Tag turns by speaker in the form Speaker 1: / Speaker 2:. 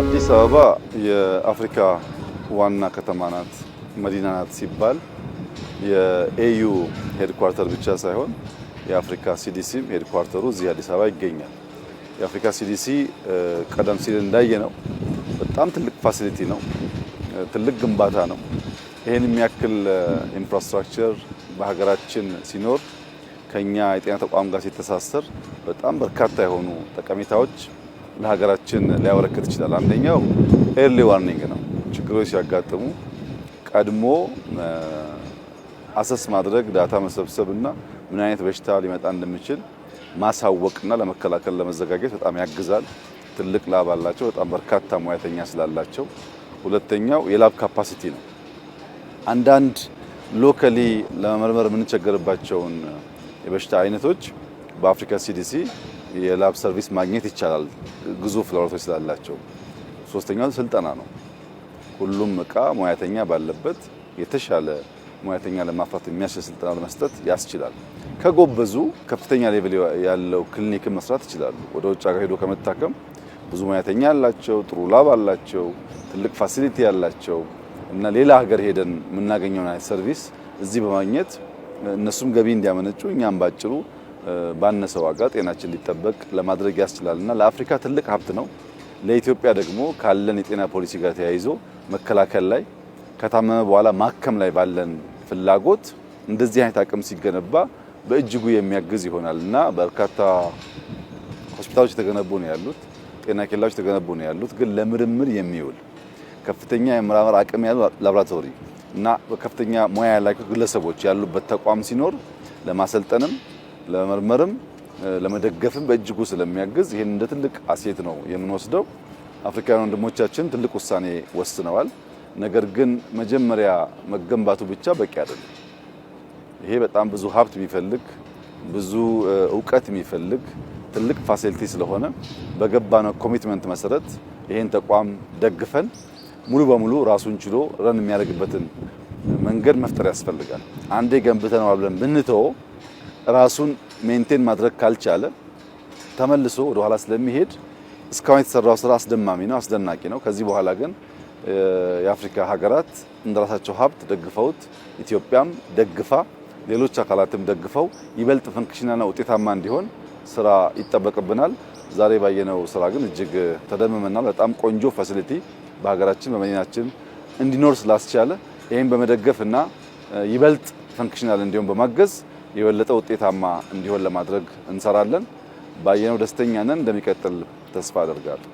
Speaker 1: አዲስ አበባ የአፍሪካ ዋና ከተማ ናት፣ መዲና ናት ሲባል የኤዩ ሄድኳርተር ብቻ ሳይሆን የአፍሪካ ሲዲሲም ሄድኳርተሩ እዚህ አዲስ አበባ ይገኛል። የአፍሪካ ሲዲሲ ቀደም ሲል እንዳየ ነው በጣም ትልቅ ፋሲሊቲ ነው፣ ትልቅ ግንባታ ነው። ይህን የሚያክል ኢንፍራስትራክቸር በሀገራችን ሲኖር ከኛ የጤና ተቋም ጋር ሲተሳሰር በጣም በርካታ የሆኑ ጠቀሜታዎች ለሀገራችን ሊያበረክት ይችላል። አንደኛው ኤርሊ ዋርኒንግ ነው። ችግሮች ሲያጋጥሙ ቀድሞ አሰስ ማድረግ፣ ዳታ መሰብሰብ እና ምን አይነት በሽታ ሊመጣ እንደሚችል ማሳወቅና ለመከላከል ለመዘጋጀት በጣም ያግዛል። ትልቅ ላብ አላቸው፣ በጣም በርካታ ሙያተኛ ስላላቸው። ሁለተኛው የላብ ካፓሲቲ ነው። አንዳንድ ሎከሊ ለመመርመር የምንቸገርባቸውን የበሽታ አይነቶች በአፍሪካ ሲዲሲ የላብ ሰርቪስ ማግኘት ይቻላል፣ ግዙፍ ላቦራቶሪ ስላላቸው። ሶስተኛው ስልጠና ነው። ሁሉም እቃ ሙያተኛ ባለበት የተሻለ ሙያተኛ ለማፍራት የሚያስችል ስልጠና ለመስጠት ያስችላል። ከጎበዙ ከፍተኛ ሌቭል ያለው ክሊኒክን መስራት ይችላሉ። ወደ ውጭ ሀገር ሄዶ ከመታከም ብዙ ሙያተኛ ያላቸው፣ ጥሩ ላብ አላቸው፣ ትልቅ ፋሲሊቲ ያላቸው እና ሌላ ሀገር ሄደን የምናገኘውን አይነት ሰርቪስ እዚህ በማግኘት እነሱም ገቢ እንዲያመነጩ እኛም ባጭሩ ባነሰ ዋጋ ጤናችን ሊጠበቅ ለማድረግ ያስችላልና ለአፍሪካ ትልቅ ሀብት ነው። ለኢትዮጵያ ደግሞ ካለን የጤና ፖሊሲ ጋር ተያይዞ መከላከል ላይ ከታመመ በኋላ ማከም ላይ ባለን ፍላጎት እንደዚህ አይነት አቅም ሲገነባ በእጅጉ የሚያግዝ ይሆናል እና በርካታ ሆስፒታሎች የተገነቡ ነው ያሉት፣ ጤና ኬላዎች የተገነቡ ነው ያሉት። ግን ለምርምር የሚውል ከፍተኛ የምርምር አቅም ያሉ ላብራቶሪ እና ከፍተኛ ሙያ ያላቸው ግለሰቦች ያሉበት ተቋም ሲኖር ለማሰልጠንም ለመመርመርም ለመደገፍም በእጅጉ ስለሚያግዝ ይህን እንደ ትልቅ አሴት ነው የምንወስደው። አፍሪካውያን ወንድሞቻችን ትልቅ ውሳኔ ወስነዋል። ነገር ግን መጀመሪያ መገንባቱ ብቻ በቂ አይደለም። ይሄ በጣም ብዙ ሀብት የሚፈልግ ብዙ እውቀት የሚፈልግ ትልቅ ፋሲሊቲ ስለሆነ በገባነው ኮሚትመንት መሰረት ይሄን ተቋም ደግፈን ሙሉ በሙሉ ራሱን ችሎ ረን የሚያደርግበትን መንገድ መፍጠር ያስፈልጋል። አንዴ ገንብተነዋል ብለን ብንተወው ራሱን ሜንቴን ማድረግ ካልቻለ ተመልሶ ወደ ኋላ ስለሚሄድ እስካሁን የተሰራው ስራ አስደማሚ ነው፣ አስደናቂ ነው። ከዚህ በኋላ ግን የአፍሪካ ሀገራት እንደራሳቸው ሀብት ደግፈውት ኢትዮጵያም ደግፋ ሌሎች አካላትም ደግፈው ይበልጥ ፈንክሽናና ውጤታማ እንዲሆን ስራ ይጠበቅብናል። ዛሬ ባየነው ስራ ግን እጅግ ተደምመናል። በጣም ቆንጆ ፋሲሊቲ በሀገራችን በመዲናችን እንዲኖር ስላስቻለ ይህን በመደገፍና ይበልጥ ፈንክሽናል እንዲሆን በማገዝ የበለጠ ውጤታማ እንዲሆን ለማድረግ እንሰራለን። ባየነው ደስተኛ ነን። እንደሚቀጥል ተስፋ አደርጋለሁ።